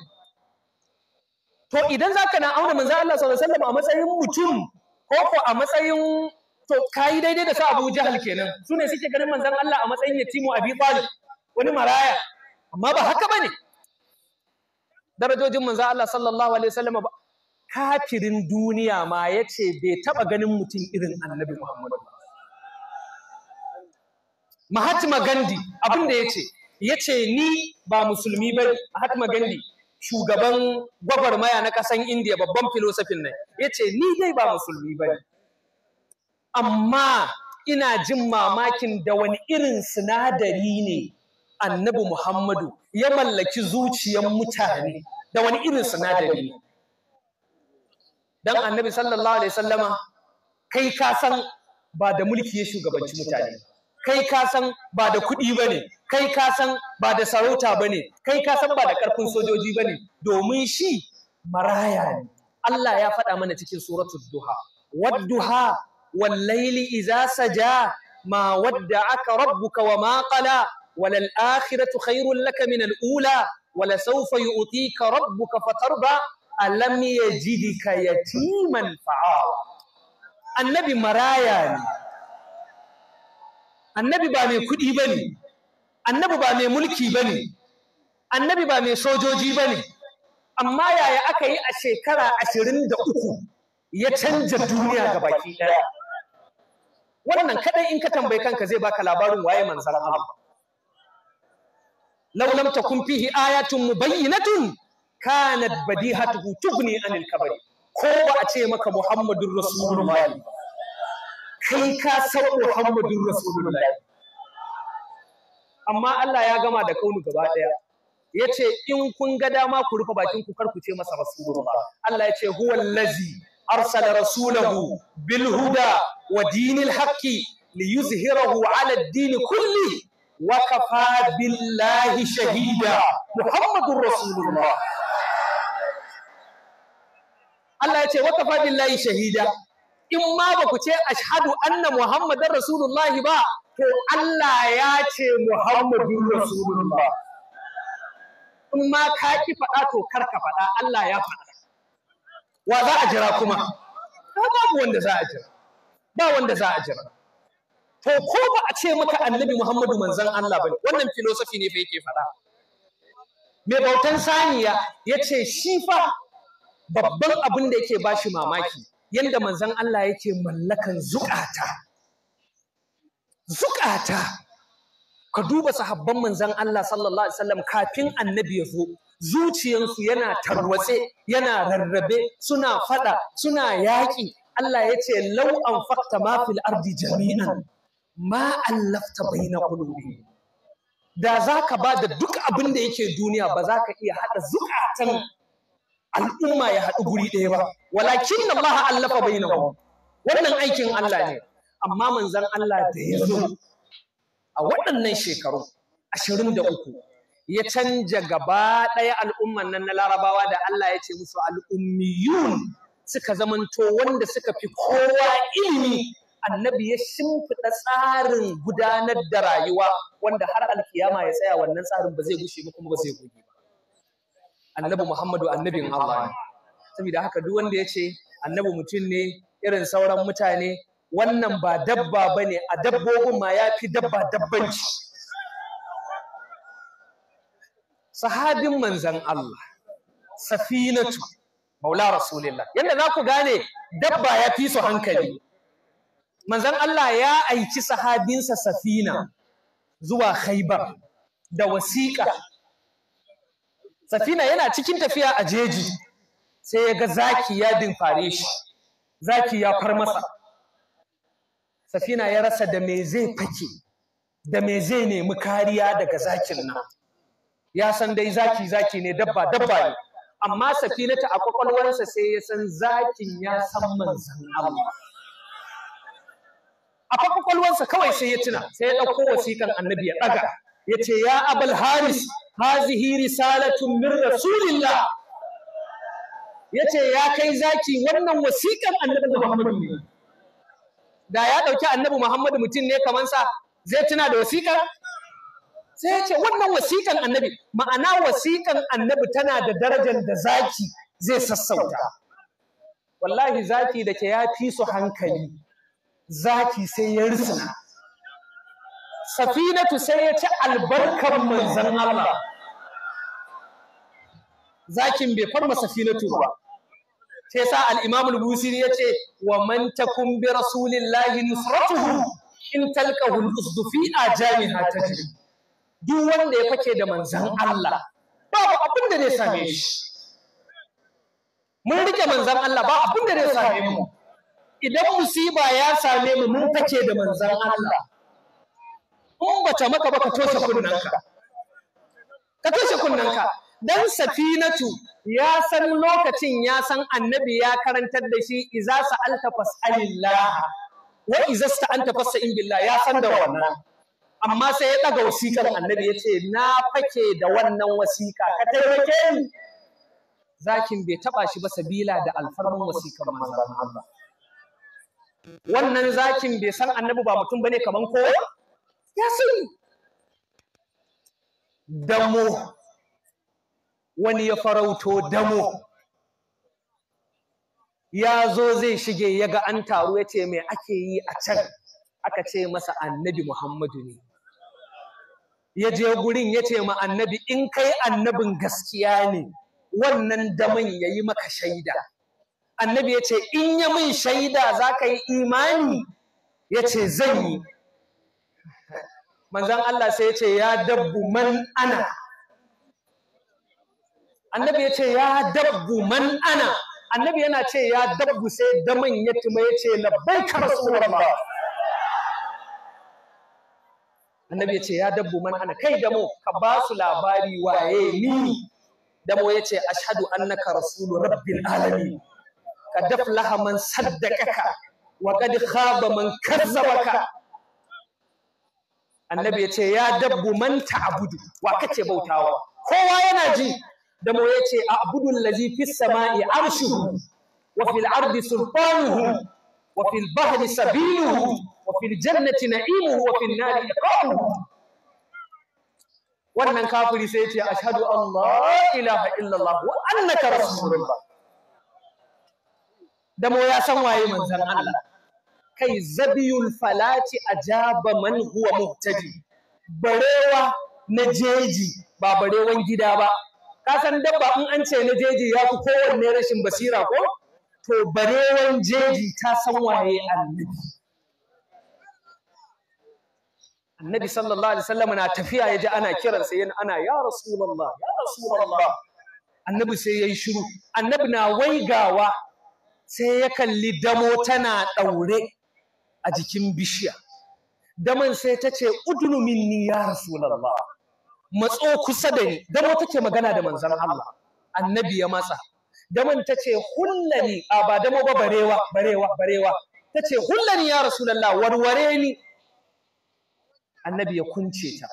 to idan zaka na auna manzo Allah sallallahu alaihi wasallam a matsayin mutum ko ko a matsayin to kai daidai da sa Abu Jahal kenan sune suke ganin manzo Allah a matsayin yatimu Abi Talib wani maraya amma ba haka bane darajojin manzo Allah sallallahu alaihi wasallam ba kafirin duniya ma yace bai taba ganin mutum irin Annabi Muhammad Mahatma Gandhi abin da yace yace ni ba musulmi bane Mahatma Gandhi shugaban gwagwarmaya na ƙasan indiya babban filosofin nan ya ce ni dai ba musulmi ba ne. amma ina jin mamakin da wani irin sinadari ne annabi muhammadu ya mallaki zuciyar mutane da wani irin sinadari ne don annabi sallallahu alaihi sallama kai ka san ba da mulki ya shugabanci mutane kai ka san ba da kuɗi ba ne kai ka san ba da sarauta ba ne kai ka san ba da ƙarfin sojoji ba ne domin shi maraya ne Allah ya faɗa mana cikin suratul duha wadduha wallaili iza saja ma aka rabbuka wa maƙala qala walal akhiratu khairul laka min al ula wala sawfa yu'tika rabbuka fatarba alam yajidika yatiman fa'awa annabi maraya ne annabi ba mai kuɗi ba ne annabi ba mai mulki ba ne annabi ba mai sojoji ba ne amma yaya aka yi a shekara ashirin da uku ya canja duniya ga baki ɗaya wannan kaɗai in ka tambayi kanka zai baka labarin waye manzara Allah law lam takun fihi ayatun mubayyinatun kanat badihatuhu tughni anil kabari ko ba a ce maka muhammadur rasulullahi sun ka san Muhammadun Rasulullahi amma Allah ya gama da kaunu gaba daya yace in kun ga dama ku rufe bakin ku karku ce masa rasulullah Allah yace huwal ladzi arsala rasulahu bil huda wa dinil haqqi liyuzhirahu ala ad-din kulli wa kafa billahi shahida muhammadur rasulullah Allah yace wa kafa billahi shahida in ma ba ku ce ashhadu anna muhammadar rasulullahi ba to Allah ya ce muhammadun rasulullah in ma ka ki faɗa to kar ka faɗa Allah ya faɗa wa za a jira kuma babu wanda za a jira ba wanda za a jira to ko ba a ce maka annabi muhammadu manzan Allah bane wannan filosofi ne fa yake faɗa mai bautan saniya ya ce shi fa babban abin da yake bashi mamaki yadda manzon Allah yake mallakan zukata zukata ka duba sahabban manzon Allah sallallahu alaihi wasallam kafin annabi ya zo zuciyansu yana tarwatse yana rarrabe suna fada suna yaƙi Allah ya ce lau'an an fakta ma fil ardi jami'an ma allafta baina qulubi da zaka ba da duk abin da yake duniya ba za ka iya hada zukatan al'umma ya haɗu guri ɗaya ba walakin na Allah allafa bai bainahum wannan aikin Allah ne amma manzon Allah da ya zo a waɗannan shekaru ashirin da uku ya canja gaba ɗaya al'umman nan na larabawa da Allah ya ce musu al'ummiyun suka zamanto wanda suka fi kowa ilimi annabi ya shimfiɗa tsarin gudanar da rayuwa wanda har alkiyama ya tsaya wannan tsarin ba zai gushe ba kuma ba zai goge ba annabi Muhammadu annabin Allah ne saboda haka duk wanda ya ce annabi mutum ne irin sauran mutane wannan ba dabba ba a dabbobin ma ya fi dabba dabbanci sahabin manzan Allah safinatu maula rasulillah yadda za ku gane dabba ya fi su hankali manzan Allah ya aiki sahabinsa safina zuwa khaibar da wasiƙa safina yana cikin tafiya a jeji sai ya ga zaki ya dinfare shi zaki ya far masa safina ya rasa da me zai fake da me zai nemi kariya daga zakin nan ya san dai zaki zaki ne dabba dabba ne amma safinata a kwakwalwarsa sai ya san zakin ya san manzan Allah a kwakwalwarsa kawai sai ya tuna sai ya ɗauko wasiƙan annabi ya ɗaga yace ya abul haris hazihi risalatun min rasulillah yace ya kai zaki wannan wasiƙan annabi Muhammadu ne da ya dauki annabi Muhammadu mutum ne kaman sa zai tuna da wasiƙar sai yace wannan wasiƙan annabi ma'ana wasiƙan annabi tana da darajar da zaki zai sassauta wallahi zaki da ke ya fi su hankali zaki sai ya rusuna safinatu sai ya ci albarkar manzon Allah zakin bai farma safinatu ba sai sa al-Imam al-Busiri yace wa man takum bi rasulillahi nusratuhu in talqahu al-usdu fi ajamiha tajri duk wanda ya fake da manzon Allah babu abin da zai same shi mun rike manzon Allah ba abin da zai same mu idan musiba ya same mu mun fake da manzon Allah in bata maka ba ka toshe kunnanka ka toshe kunnanka dan safinatu ya san lokacin ya san annabi ya karantar da shi iza sa'alta fas'alillah wa iza sta'anta fas'in billah ya san da wannan amma sai ya daga wasikar annabi ya ce na fake da wannan wasika ka taimake ni zakin bai taba shi ba sabila da alfarman wasikar manzon Allah wannan zakin bai san annabi ba mutum bane kaman kowa ya damo wani ya farauto damo ya zo zai shige ya ga an taru ya ce mai ake yi a can aka ce masa annabi Muhammadu ne ya je gurin ya ce ma annabi in kai annabin gaskiya ne wannan daman ya yi maka shaida annabi ya ce in ya min shaida za ka yi imani ya ce zan yi manzan Allah sai ya ce ya dabbu man ana annabi ya ce ya dabbu man ana annabi yana ce ya dabbu sai daman ya tuma ya ce labbaika rasulullah annabi ya ce ya dabbu man ana kai damo ka ba su labari waye ni damo ya ce ashhadu annaka rasulu rabbil alamin ka laha man saddaka wa qad khaba man kazzabaka annabi ya ce ya dabbu man ta'budu wa kace bautawa kowa yana ji da mu yace a'budu allazi fis sama'i arshuhu wa fil ardi sultanuhu wa fil bahri sabiluhu wa fil jannati na'imuhu wa fil nari iqamuhu wannan kafiri sai yace ashhadu an la ilaha illallah wa annaka rasulullah da mu ya san waye manzon Allah kai zabiyul falati ajaba man huwa muhtadi barewa na jeji ba barewan gida ba ka san dabba in an ce na jeji ya fi kowanne rashin basira ko to barewan jeji ta san waye annabi annabi sallallahu alaihi wasallam na tafiya yaji ana kiransa yana ana ya rasulullah ya rasulullah annabi sai yayi shiru annabi na waigawa sai ya kalli damo tana daure a jikin bishiya daman sai ta ce udunu minni ya rasulullah matso kusa da ni ta take magana da manzon Allah annabi ya matsa daman ta ce hullani a ba damo ba barewa barewa barewa ta ce hullani ya rasulallah, warware ni annabi ya kunce ta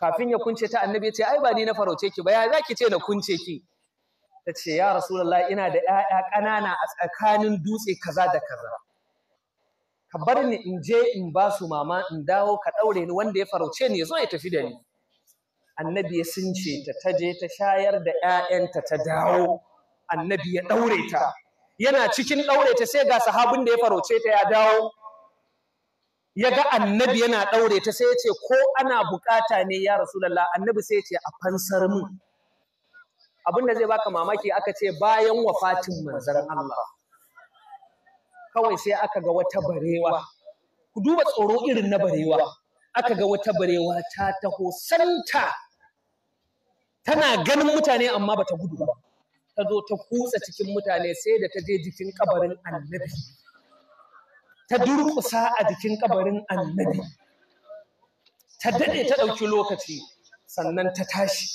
kafin ya kunce ta annabi ya ce ai ba ni na farauce ki ba ya zaki ce na kunce ki ta ce ya rasulallah ina da ƴaƴa ƙanana a tsakanin dutse kaza da kaza ka bar ni in je in ba su mama in dawo ka ɗaure ni wanda ya farauce ni ya zo ya tafi da ni annabi ya sunce ta ta je ta shayar da ƴaƴanta ta dawo annabi ya ɗaure ta yana cikin ɗaure ta sai ga sahabin da ya farauce ta ya dawo ya ga annabi yana ɗaure ta sai ya ce ko ana buƙata ne ya rasulallah annabi sai ya ce a fansar mu abinda zai baka mamaki aka ce bayan wafatin manzaran Allah kawai sai aka ga wata barewa ku duba tsoro irin na barewa aka ga wata barewa ta taho santa tana ganin mutane amma bata gudu ba ta zo ta kutsa cikin mutane sai da ta je jikin kabarin annabi ta durƙusa a jikin kabarin annabi ta daɗe ta ɗauki lokaci sannan ta tashi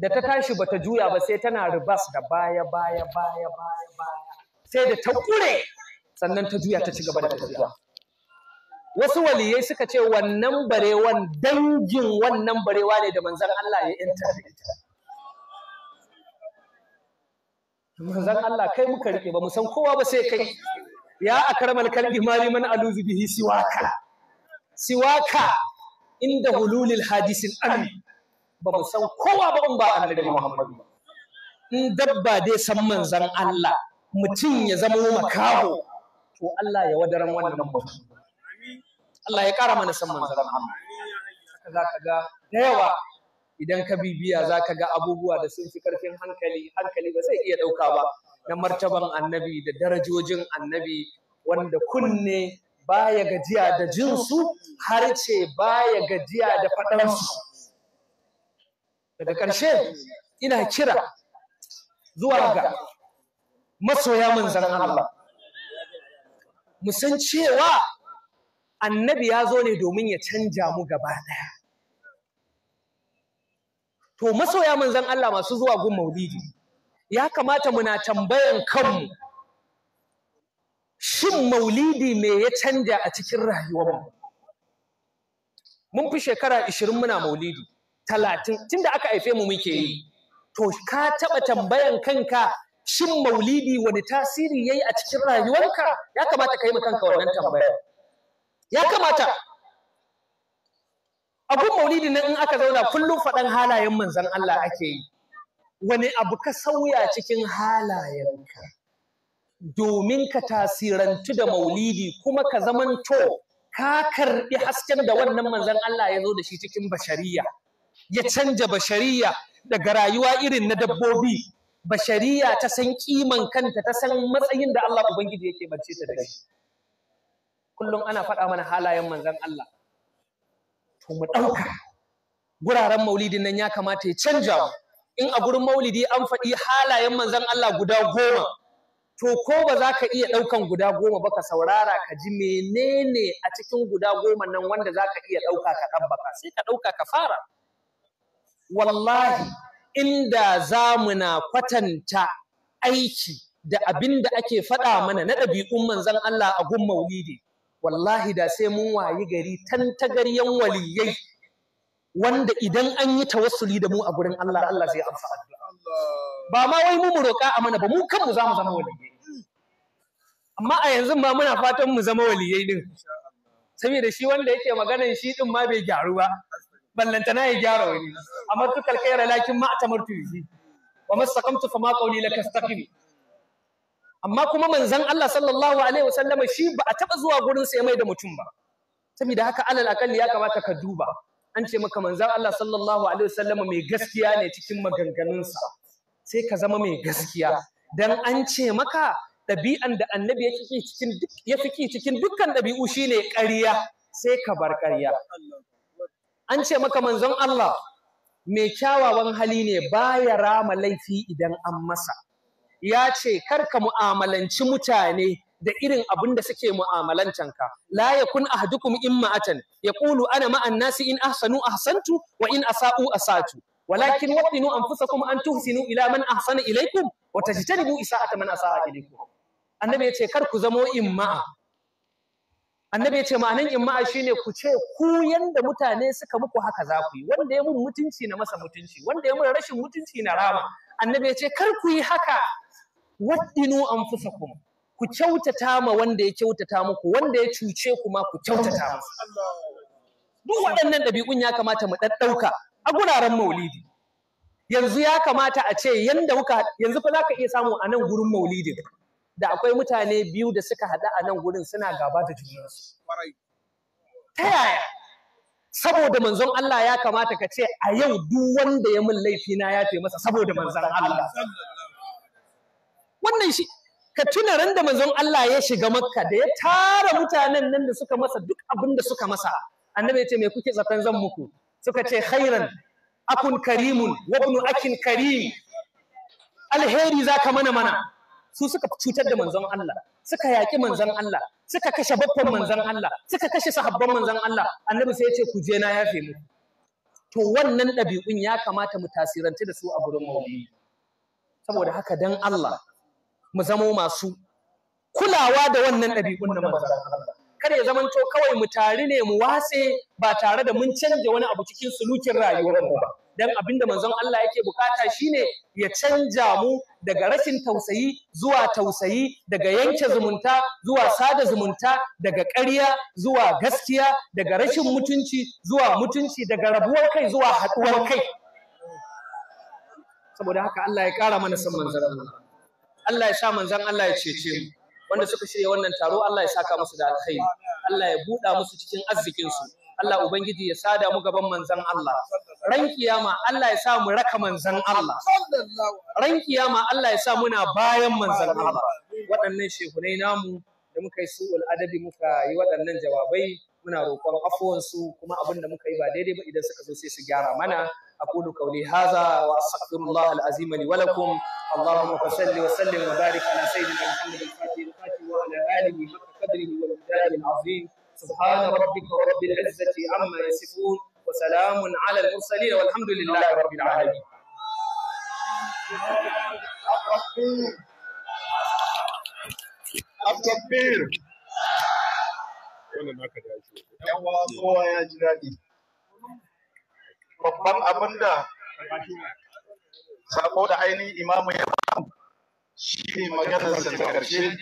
da ta tashi bata juya ba sai tana ribas da baya baya baya baya baya sai da ta ƙure sannan ta juya ta ci gaba da tafiya wasu waliyai suka ce wannan barewan dangin wannan barewa ne da manzon Allah ya yanta manzon Allah kai muka rike ba mu san kowa ba sai kai ya akramal kalbi maliman aluzu bihi siwaka siwaka inda hululil hadisin amin ba mu san kowa ba in ba annabi Muhammadu ba in dabba dai san manzon Allah mutum ya zama makaho to Allah ya wadaran wannan mutum Allah ya ƙara mana san manzaran Allah haka za ka ga da yawa idan ka bibiya za ka ga abubuwa da sun fi ƙarfin hankali hankali ba zai iya ɗauka ba na martaban annabi da darajojin annabi wanda kunne baya gajiya da jinsu har ce baya gajiya da faɗansu daga ƙarshe ina kira zuwa ga masoya manzan Allah mu san cewa annabi ya zo ne domin ya canja mu gaba ɗaya to masoya zan Allah masu zuwa gun maulidi ya kamata muna tambayan kanmu shin maulidi me ya canja a cikin rayuwarmu mun fi shekara ishirin muna maulidi tun tunda aka haife mu muke yi to ka taɓa tambayan kanka shin maulidi wani tasiri ya yi a cikin rayuwarka ya kamata ka yi kanka wannan tambaya ya kamata abun maulidi na in aka zauna kullum faɗan halayen manzan Allah ake yi wani abu ka sauya cikin halayenka domin ka tasirantu da maulidi kuma ka zamanto ka karɓi hasken da wannan manzon Allah ya zo da shi cikin bashariya ya canja bashariya daga rayuwa irin na dabbobi bashariya ta san kiman kanta ta san matsayin da Allah ubangiji yake bance ta da shi kullum ana faɗa mana halayen manzon Allah to mu ɗauka guraren maulidin nan ya kamata ya canja in a gurin maulidi an faɗi halayen manzon Allah guda goma to ko ba za ka iya ɗaukan guda goma ba ka saurara ka ji menene a cikin guda goma nan wanda za ka iya ɗauka ka ɗabbaka sai ka ɗauka ka fara wallahi inda za mu na kwatanta aiki da abin da ake faɗa mana na ɗabi'un manzon Allah a gun maulidi wallahi da sai mun wayi gari tantagaryen waliyai wanda idan an yi tawassuli da mu a gurin Allah Allah zai amsa ba ma wai mu mu roƙa a mana ba mu kanmu za mu zama waliyai amma a yanzu ma muna fatan mu zama waliyai din saboda shi wanda yake maganan shi din ma bai gyaru ba na ya gyara wani amartu kalkhaira lakin ma a atamartu bihi wa mastaqamtu fama qawli la istaqim amma kuma manzan Allah sallallahu alaihi wasallama shi ba a taba zuwa gurin sa ya mai da mutum ba saboda haka alal akalli ya kamata ka duba an ce maka manzan Allah sallallahu alaihi wasallama mai gaskiya ne cikin sa sai ka zama mai gaskiya dan an ce maka ɗabi'an da annabi ya fiki cikin dukkan ɗabi'u shine ƙarya sai ka bar ƙarya an ce maka manzon Allah mai kyawawan hali ne baya rama laifi idan an masa ya ce kar ka mu'amalanci mutane da irin abin da suke mu'amalantanka la yakun imma atan yaqulu ana ma'an annasi in ahsanu ahsantu wa in asa'u asatu walakin waqinu anfusakum an tuhsinu ila man ahsana ilaykum wa tajtanibu isa'ata man asa'a ilaykum annabi ya ce kar ku zamo imma'a annabi ya ce ma'anan shi ne ku ce ku yanda mutane suka muku haka za ku yi wanda ya mun mutunci na masa mutunci wanda ya mun rashin mutunci na rama annabi ya ce kar ku yi haka waddinu anfusakum ku kyautata ma wanda ya kyautata muku wanda ya cuce ku ma ku kyautata masa duk waɗannan ɗabi'un ya kamata mu ɗaɗɗauka a guraren maulidi yanzu ya kamata a ce yanda muka yanzu fa za ka iya samu a nan gurin maulidin da akwai mutane biyu da suka haɗu a nan gurin suna gaba da su. Ta yaya? Saboda manzon Allah ya kamata ka ce a yau duk wanda ya min laifi na ya masa saboda manzon Allah. Wannan shi ka tuna ran da manzon Allah ya shiga Makka da ya tara mutanen nan da suka masa duk abin da suka masa. Annabi ya ce me kuke zaton zan muku? Suka ce khairan akun karimun wa akin karim alheri zaka mana mana su suka cutar da manzon Allah suka yaƙi manzon Allah suka kashe babban manzon Allah suka kashe sahabban manzon Allah annabi sai ya ce ku je na yafe muku to wannan ɗabi'un ya kamata mu tasirance da su a gurin maulidi saboda haka dan Allah mu zamo masu kulawa da wannan ɗabi'un na manzon Allah kada ya zamanto kawai mu tari ne mu watse ba tare da mun canja wani abu cikin sulukin rayuwar mu ba dan da manzon Allah yake bukata shine ya canja mu daga rashin tausayi zuwa tausayi daga yanke zumunta zuwa sada zumunta daga ƙarya zuwa gaskiya daga rashin mutunci zuwa mutunci daga rabuwar kai zuwa haɗuwar kai saboda haka Allah ya ƙara mana san manzon Allah Allah ya sa manzon Allah ya cece mu wanda suka shirya wannan taro Allah ya saka musu da alkhairi Allah ya buɗa musu cikin arzikin su Allah ubangiji ya sada mu gaban manzan Allah ran kiyama Allah ya sa mu raka manzan Allah ran kiyama Allah ya sa muna bayan manzan Allah waɗannan shehunai namu da muka yi su'ul adabi muka yi waɗannan jawabai muna roƙon afuwansu kuma abin da muka yi ba daidai ba idan suka zo sai su gyara mana أقول قولي هذا وأستغفر الله العظيم لي ولكم اللهم صل وسلم وبارك على سيدنا محمد الفاتح الفاتح وعلى آله حق قدره العظيم سبحان ربك رب العزة عما يصفون وسلام على المرسلين والحمد لله رب العالمين التكبير babban abin da sako da ainihin imamu ya shi ne maganar ta ƙarshe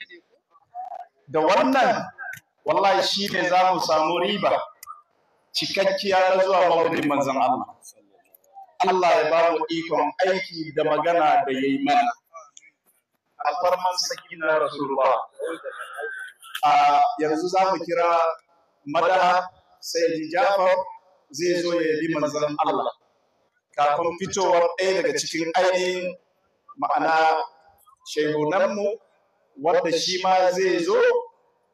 da wannan wallahi shi ne za mu samu riba cikakkiya na zuwa Mawudin manzan Allah Allah ya ba mu ikon aiki da magana da ya yi mana Sakin na rasulullah a yanzu za mu kira madara sai Jafar zai zo ya bi manzan Allah kafin fitowar ɗaya daga cikin ainihin ma'ana shehunanmu wanda shi ma zai zo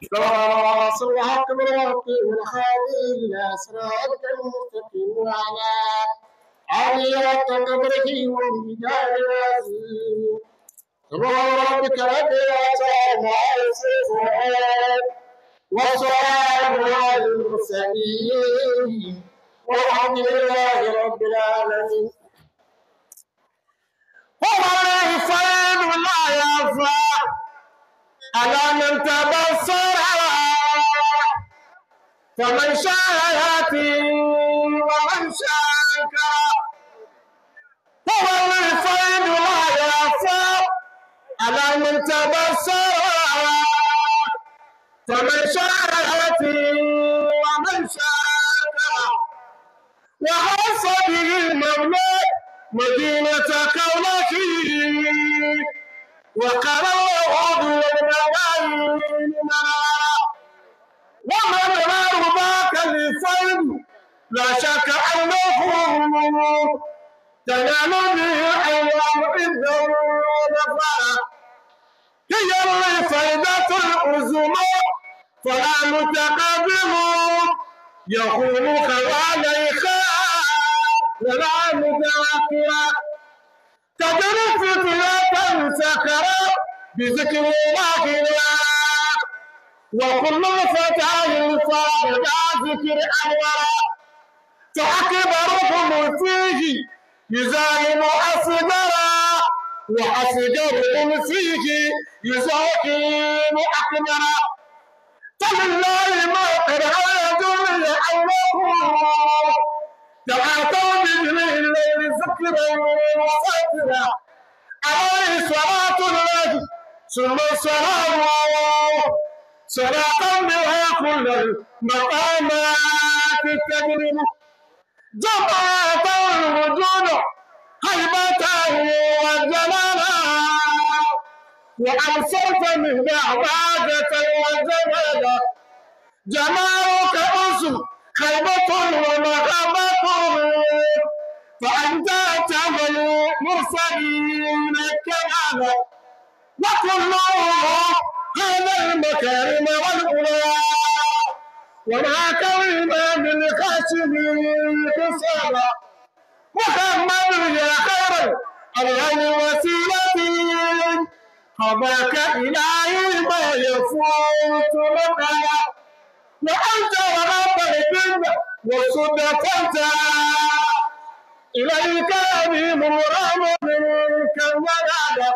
صراط الحق بالحق والهادي الى صراطك المستقيم وعلى عالية قبره والجدار العظيم سبحان ربك رب العزة عما يصفون وسلام على المرسلين والحمد لله رب العالمين هو لا يفعل ولا يفعل على من تبصر فمن شاء ياتي ومن شاء انكر فهو الفرد لا يغفر على من تبصر فمن شاء ياتي ومن شاء انكر وحص به المولى مدينه كونك وقال الله للملائكة وما تنال ذاك للفرد لا شك أنهم تنال به الأيام إذا ونفرا هي الفائدة العظمى فلا متقدم يقول كذلك ولا متأخرا تجري الفتيات سكرا بذكر الله الله وكل فتاة صاحبة ذكر أنورا تعقب ركن فيه يزايم أصدرا وأصدر فيه يزاكم أكبرا فلله ما قد هاجر لأنه دعاكم بجميع الليل ذكرا وساترا عليه صلاة الله ثم السلام صلاة بها كل المقامات التجرم جمعة الوجود هيبته وجلالا وأبصرت من بعبادة وجمالا جمالك أسر خيبة ومغبة فأنت تعمل مرسلين كذا وكلهم هذا المكارم والأولى ولا كريم من خاشمين كسالى محمد يا خير الغني وسيلتي حباك إلهي ما يفوت لك وأنت وغفر الدنيا والصدة تنتهى إليك أبي مرام منك ونادى